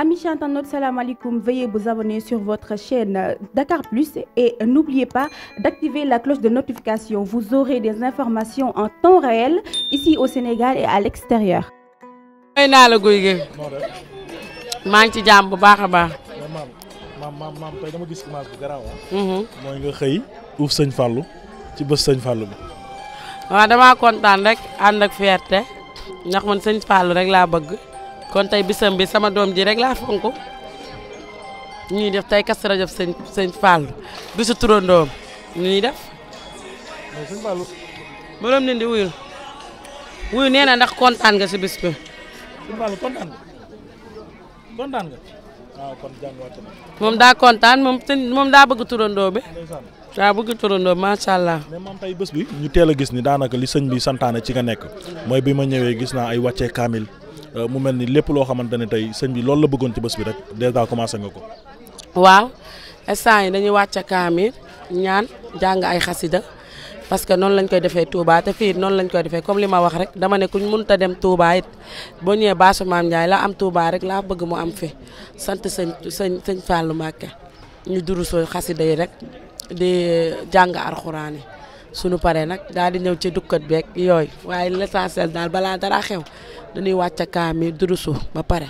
Amis chers internautes, salam alaikum. Veuillez abonner sur votre chaîne Dakar Plus et n'oubliez pas d'activer la cloche de notification. Vous aurez des informations en temps réel ici au Sénégal et à l'extérieur. mooy ngi ci jaam bu baax a baax. maam maam maam tey dama gis image bu ah. mhm. uuf sëñ Fallou ci bés sëñ Fallou bi. waaw damaa kontaan rek ànd ak fierté ndax man sëñ Fallou rek laa bëgg. kon tey bisam bi sama doom ji rek laa fonk ñuy def tey Kazu Rajab sëñ sëñ Fallou bisu turandoom nu ñuy def. mooy sëñ wuyu wuyu nee na ndax kontaan nga si bis bi. sëñ Fallou kontaan ah, moom daa kontaan moom sëñ moom daa bëgg turandoo bi. daa bëgg turandoo macha allah. moom tey bés bi. ñu teel a gis ni daanaka li sëñ bi santaane ci nga nekk. mooy bi ma ñëwee gis naa ay wàccee kaamil. Euh, mu mel ni lépp loo xamante ne tey sëñ bi loolu la bëggoon ci bés bi rek dèjà commencé nga ko. waaw instant yi dañuy wàcc kaamir ñaan jàng ay xasida parce que noonu lañ koy defee Touba te fii noonu lañ koy defee comme li ma wax rek dama ne kuñ mënut a dem Touba it boo ñëwee Basu Maam Ndiaye la am Touba rek laa bëgg mu am fi sant sëñ sëñ sëñ Fallou Mbacké ñu durusoo xasida yi rek di euh, jàng alxuraan yi sunu paree nag daal di ñëw ci dukkat beeg yooyu waaye l'essentiel daal balaa dara xew dañuy wàcc kaamil durusu ba pare.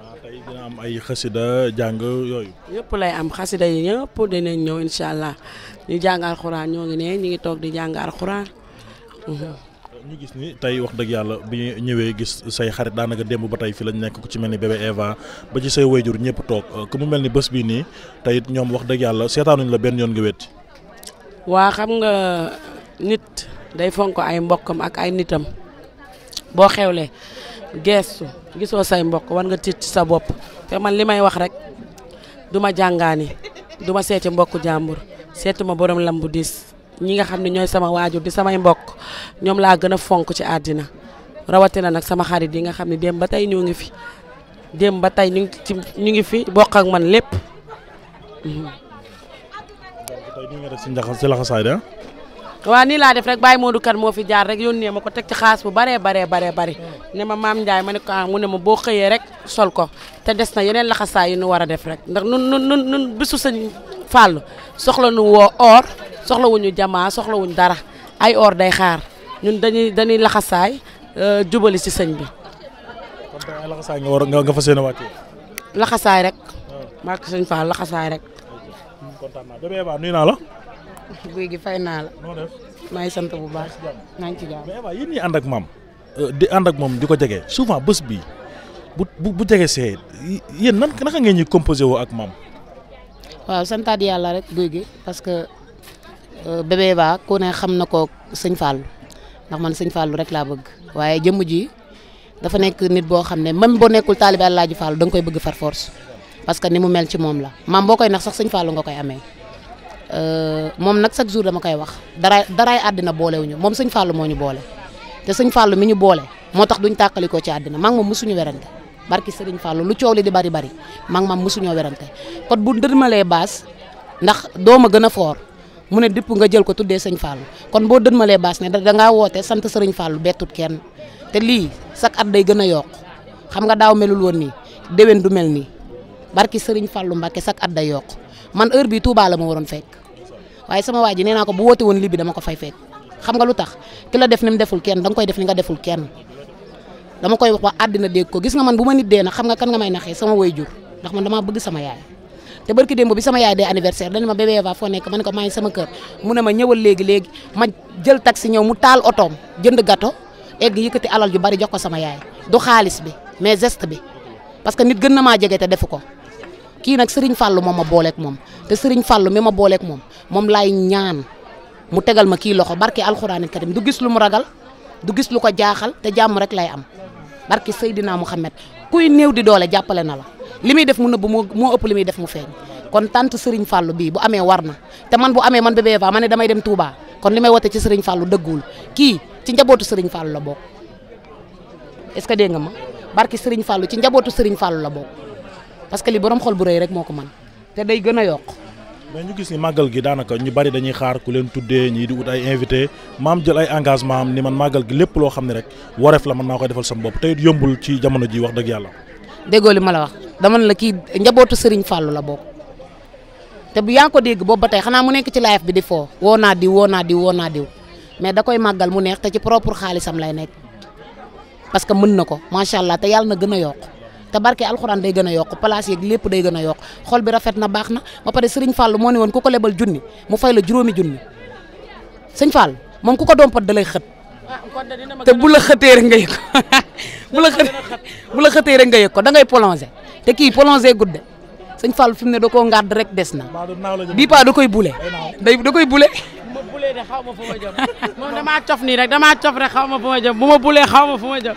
Ah, tey dina am ay xasida jàng yooyu. yëpp lay am xasida yi yëpp dinañ ñëw incha allah ñu jàng alxuraan ñoo ngi ne ñu ngi toog di jàng alxuraan. Mhm. ñu gis ni tey wax dëgg yàlla bi ñëwee gis say xarit daanaka démb ba tey fi lañ nekk ku ci mel ni bébé Eva ba ci say wayjur ñëpp toog euh, ku mu mel ni bés bii nii tey it ñoom wax dëgg yàlla seetaanuñ la benn yoon nga wéet. waa xam nga nit day fonk ay mbokkam ak ay nitam. boo xewlee geestu gisoo say mbokk war nga tiit sa bopp te man li may wax rek duma ma jàngaani duma seeti mbokk jàmbur seetu ma borom lam bu diis ñi nga xam ne ñooy sama waajur di samay mbokk ñoom laa gën a fonk ci àddina rawatina nag sama xarit yi nga xam ne démb ba tey ñoo ngi fi démb ba tey ñu ngi ñu ngi fi bokk ak man lépp. donc tey ñu ngi si njaxas waaw nii laa def rek bàyyi Modou Kane moo fi jaar rek yónnee ma ko teg ci xaas bu baree baree baree bari ne ma maam Ndiaye ma ne ko ah, mu ne ma boo xëyee rek sol ko te des na yeneen laxasaa yu nu war a def rek ndax nun nun nun nun bisu sëñ Fallou soxla nu woo or soxla wuñu jamaa dara ay or day xaar ñun dañuy dañuy laxasaay euh, jubali si sëñ bi. kon tey ay laxasaay war nga fas yéene wàccee. laxasaay rek. waaw ah. maa laxasaay rek. guy gi fay naa la. noo maa ngi sant bu baax. maa ngi ci jàmm mais maam. Euh, di ànd ak moom di ko jege souvent bés bii bu bu bu jege see yéen nan naka ngeen ñuy composé woo ak maam. waaw yàlla rek guy gi parce que euh, bébé ba ku xam na ko sëñ Fallou ndax man sëñ Fallou rek laa bëgg waaye jëmm ji dafa nekk nit boo xam ne man boo nekkul taalibe Alaaji Fallou da nga koy bëgg far force parce que ni mu mel ci moom la maam boo koy nax sax sëñ Fallou nga koy amee. Euh, moom nag chaque jour dama koy wax daraay daray àddina boolewuñu moom sëñ Fallou moo ñu boole te sëñ Fallou mi ñu boole moo tax duñ tàqalikoo ci àddina maa ngi moom mosuñu werante barki sëriñ Fallou lu coow li di bari bari maa ngi moom mosuñoo werante kon bu dërmalee baas ndax dooma gën a foor mu ne dëpp nga jël ko tuddee sëñ Fallou kon boo dërmalee baas ne dangaa woote sant sëriñ Fallou bettut kenn te lii chaque at day gën a yokk xam nga daaw melul woon nii déwén du mel nii barki sëriñ fallu mbake chaque at day yokk man heure bi Touba la ma waroon fekk waaye sama waa ji nee naa ko bu woote woon libi dama ko fay fekk xam nga lu tax ki la def ni mu deful kenn danga koy def ni nga deful kenn dama koy wax ba àddina dégg ko gis nga man bu ma nit dee nag xam nga kan nga may naxee sama woy waajur ndax man damaa bëgg sama yaay te barki démb bi sama yaay dee anniversaire dañ ma bébé va foo nekk ma ne ko maa sama kër mu ne ma ñëwal léegi léegi ma jël taxi ñëw mu taal otoom jënd gâteau egg yëkkati alal ju bari jox ko sama yaay du xaalis bi mais geste bi parce que nit gën na maa jege defu ko kii nag Serigne Fallou moom ma booleeg moom te Serigne Fallou mi ma booleek moom moom laay ñaan mu tegal ma kii loxo barke alxuraan karim du gis lu mu ragal du gis lu ko jaaxal te jàmm rek lay am barke Seydina Mouhamed kuy néew di doole jàppale na la li muy def mu nëbb moo moo ëpp li muy def mu feeñ kon tant Serigne Fallou bii bu amee war na te man bu amee man Bébé Eva ma ne damay dem Touba kon li may wote ci Serigne Fallou dëggul kii ci njabootu Serigne Fallou la bokk est-ce que dégg nga ma barke Serigne Fallou ci njabootu Serigne Fallou la bokk. parce que li borom xol bu réy rek moo ko mën te day gën a yokk mais ñu gis ni màggal gi daanaka ñu bari dañuy xaar ku leen tuddee ñii di wut ay invité maam jël ay engagement am ni man màggal gi lépp loo xam ne rek wareef la mën naa koy defal sama bopp te it yombul jamono ji wax dëgg yàlla déggoo li ma la wax dama la kii njabootu Serigne Fallou la bokk te bu yaa ngi ko dégg boobu ba tey xanaa mu nekk ci live bi di foo woo naa diw woo naa diw woo naa diw mais da koy màggal mu neex te ci propre xaalisam lay nekk parce que mën na ko macha allah te yàlla na gën a yokk te barke alxuraan day gën a yokk place yeeg lépp day gën a yokk xol bi rafet na baax na ba pare sëriñ Fall moo ne woon ku ko lebal junni mu fay la juróomi junni sëñ Fall moom ku ko dompat da lay xët te bu la xëtee rek nga yëg ko bu la xëtee bu la xëtee rek nga yëg ko te kii prolongé gudde sëñ Fall fi mu ne da koo ngàdd rek des na bii paa da koy bule day da bule bu ma bulee de xaw ma fu ma jëm moom damaa cof nii rek damaa cof rek xaw ma fu ma jëm bu ma bulee xaw ma fu ma jëm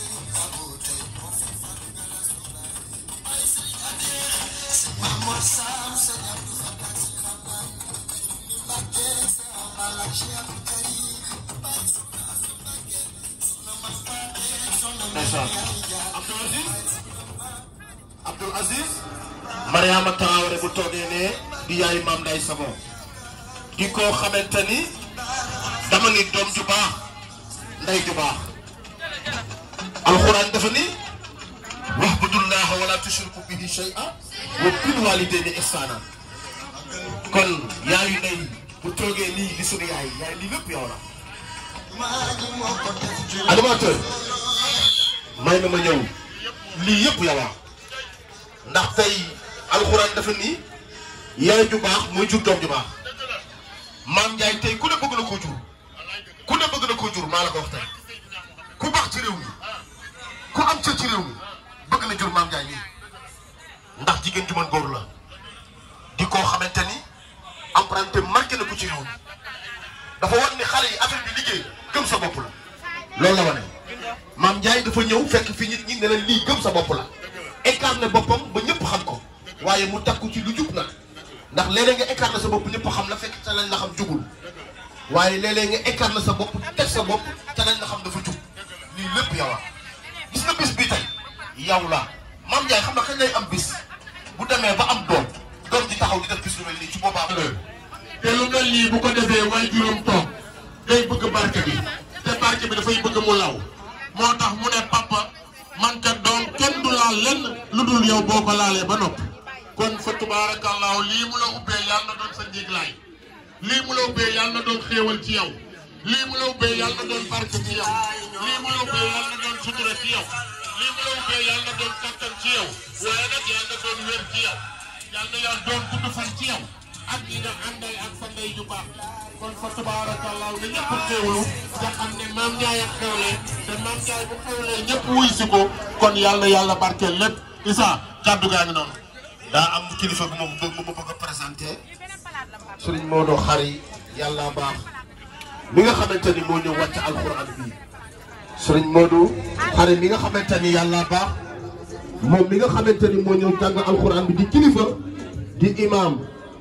Aïcha Abdoul bu toogee ne di yaayu maam Nday Savon di ko xamante ni dama ni doom ju baax nday ju baax alxuraan dafa ni wa'budullaaha wa laa tushriku bihi shay'an wa bil waalidayni ihsaanan kon yaayu nday bu toogee nii li sunu yaay yaay li lépp yow la may na ma ñëw lii yëpp yàlla ndax tey alxuraan dafa nii yaay ju baax muy jur doom ju baax maam Ndiaye tey ku ne bëgg na koo jur ku ne bëgg na koo jur maa la ko wax ku baax ci réew mi ku am cër ci réew mi bëgg na jur maam Ndiaye nii ndax jigéen ju mën góor la di koo xamante ni empreinte marqué na ko ci réew mi dafa war ni xale yi affaire bi liggéey gëm sa bopp la loolu la wane. maam Ndiaye dafa ñëw fekk fi nit ñi ne leen lii gëm sa bopp la écarté boppam ba ñëpp xam ko waaye mu takku ci lu jub na ndax léeg-léeg nga écarté sa bopp ñëpp xam la fekk te lañ la xam jugul waaye léeg-léeg nga écarté sa bopp teg sa bopp te lañ la xam dafa jub lii lépp yow gis nga bis bi tey yow la maam Ndiaye xam nga kañ lay am bis bu demee ba am doom doom di taxaw di def bis lu mel nii ci boobaa te lu mel nii bu ko defee waaye juróom toog day bëgg barke bi te barke bi dafay bëgg mu moo tax mu ne papa man kat doom kenn du laal lenn lu dul yow boo ko laalee ba nopp kon fa tubaarakallaahu lii mu la ubbee sa njiglaay lii mu la ubbee yàlla na doon xéewal ci yow lii mu la ubbee yàlla na doon barke ci yow lii mu la ubbee yàlla na doon sutura ci lii mu la ubbee yàlla na doon kattan ci yow waaye na doon wér ci yow yàlla na doon gudd fan ci yow ak ñi nga àndal ak sa ndey kon fa tabaarakallaahu ne ñëpp xewlu nga xam ne maam Ndiaye ak xewle te maam Ndiaye bu xewlee ñëpp wuy si ko kon yàlla yàlla barkeel lépp Issa kàddu gaa ngi noonu. daa am kilifa bu ma bëgg bu ma bëgg a présenté Serigne Modou Khari yàlla baax mi nga xamante moo bi Serigne Modou Khari mi nga xamante ni yàlla baax moom mi nga xamante moo ñëw jàng alxuraan bi di kilifa di imam.